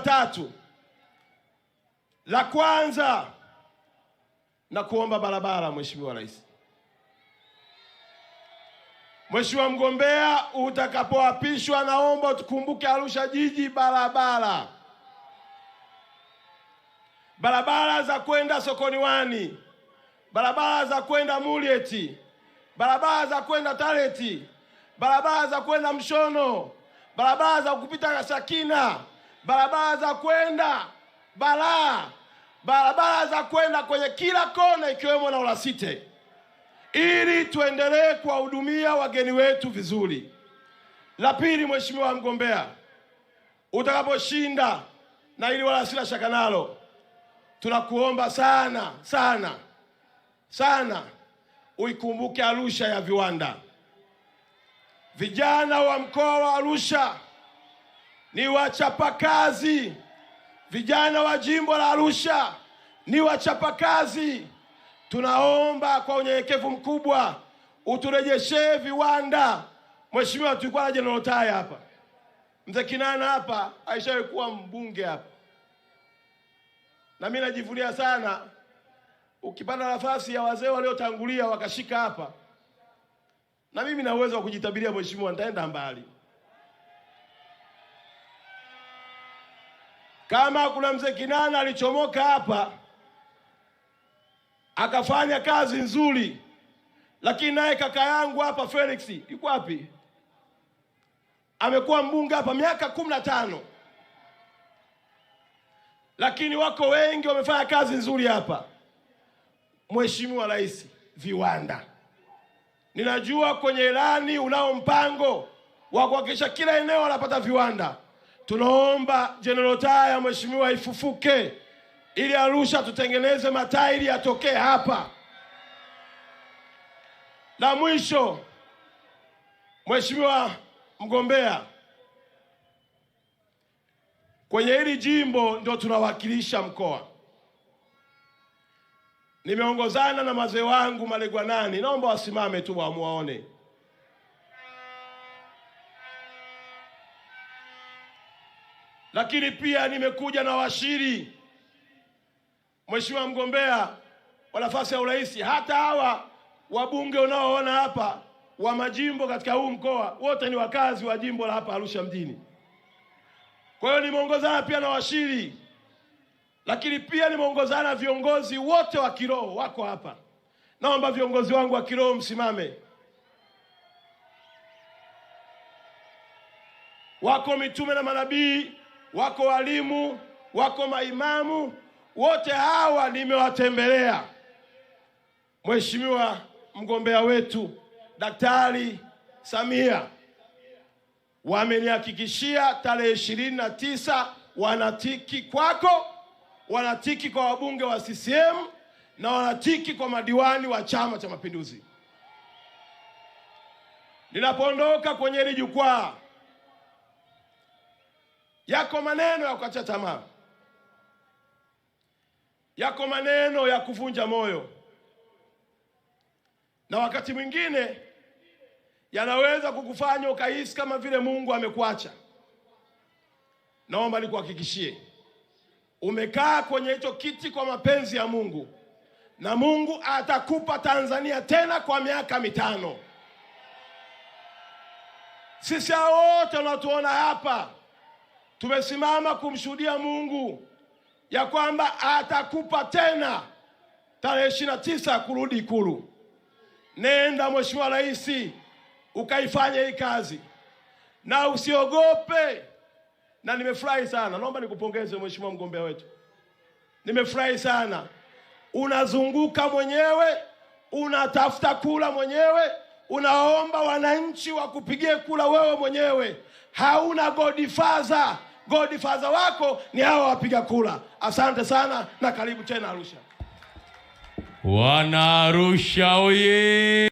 Tatu, la kwanza na kuomba barabara. Mheshimiwa Rais, Mheshimiwa mgombea, utakapoapishwa, naomba tukumbuke Arusha jiji, barabara barabara za kwenda sokoni wani, barabara za kwenda Mulieti, barabara za kwenda Tareti, barabara za kwenda Mshono, barabara za kupita Sakina barabara za kwenda Balaa, barabara za kwenda kwenye kila kona ikiwemo na ulasite ili tuendelee kuwahudumia wageni wetu vizuri. La pili, mheshimiwa mgombea, utakaposhinda na ili wala sina shaka nalo, tunakuomba sana sana sana uikumbuke Arusha ya viwanda. Vijana wa mkoa wa Arusha ni wachapakazi. Vijana wa jimbo la Arusha ni wachapakazi. Tunaomba kwa unyenyekevu mkubwa uturejeshee viwanda. Mheshimiwa, tulikuwa na Jenerali Tai hapa, mzee Kinana hapa, alishawahi kuwa mbunge hapa, na mimi najivunia sana ukipata nafasi ya wazee waliotangulia wakashika hapa, na mimi na uwezo wa kujitabiria mheshimiwa, nitaenda mbali. Kama kuna mzee Kinana alichomoka hapa akafanya kazi nzuri, lakini naye kaka yangu hapa Felix yuko wapi? Amekuwa mbunge hapa miaka kumi na tano, lakini wako wengi wamefanya kazi nzuri hapa. Mheshimiwa Rais, viwanda, ninajua kwenye ilani unao mpango wa kuhakikisha kila eneo anapata viwanda tunaomba General Taya mheshimiwa ifufuke ili Arusha tutengeneze matairi yatokee hapa. La mwisho, mheshimiwa mgombea, kwenye hili jimbo ndio tunawakilisha mkoa. Nimeongozana na mazee wangu Malegwanani, naomba wasimame tu wamuwaone. Lakini pia nimekuja na washiri, Mheshimiwa mgombea wa nafasi ya urais, hata hawa wabunge unaoona hapa wa majimbo katika huu mkoa wote ni wakazi wa jimbo la hapa Arusha mjini. Kwa hiyo nimeongozana pia na washiri, lakini pia nimeongozana viongozi wote wa kiroho wako hapa. Naomba viongozi wangu wa kiroho msimame. Wako mitume na manabii wako walimu, wako maimamu, wote hawa nimewatembelea. Mheshimiwa mgombea wetu Daktari Samia wamenihakikishia tarehe ishirini na tisa wanatiki kwako, wanatiki kwa wabunge wa CCM na wanatiki kwa madiwani wa Chama cha Mapinduzi. Ninapoondoka kwenye hili jukwaa yako maneno ya kukatia tamaa, yako maneno ya kuvunja moyo, na wakati mwingine yanaweza kukufanya ukahisi kama vile Mungu amekuacha. Naomba nikuhakikishie, umekaa kwenye hicho kiti kwa mapenzi ya Mungu, na Mungu atakupa Tanzania tena kwa miaka mitano. Sisi hao wote unatuona hapa Tumesimama kumshuhudia Mungu ya kwamba atakupa tena tarehe ishirini na tisa kurudi Ikulu. Nenda Mheshimiwa Rais, ukaifanye hii kazi na usiogope. Na nimefurahi sana, naomba nikupongeze mheshimiwa mgombea wetu, nimefurahi sana. Unazunguka mwenyewe, unatafuta kula mwenyewe, unaomba wananchi wakupigie kula wewe mwenyewe, hauna godfather godfather wako ni hawa wapiga kula. Asante sana na karibu tena Arusha, wana Arusha oye!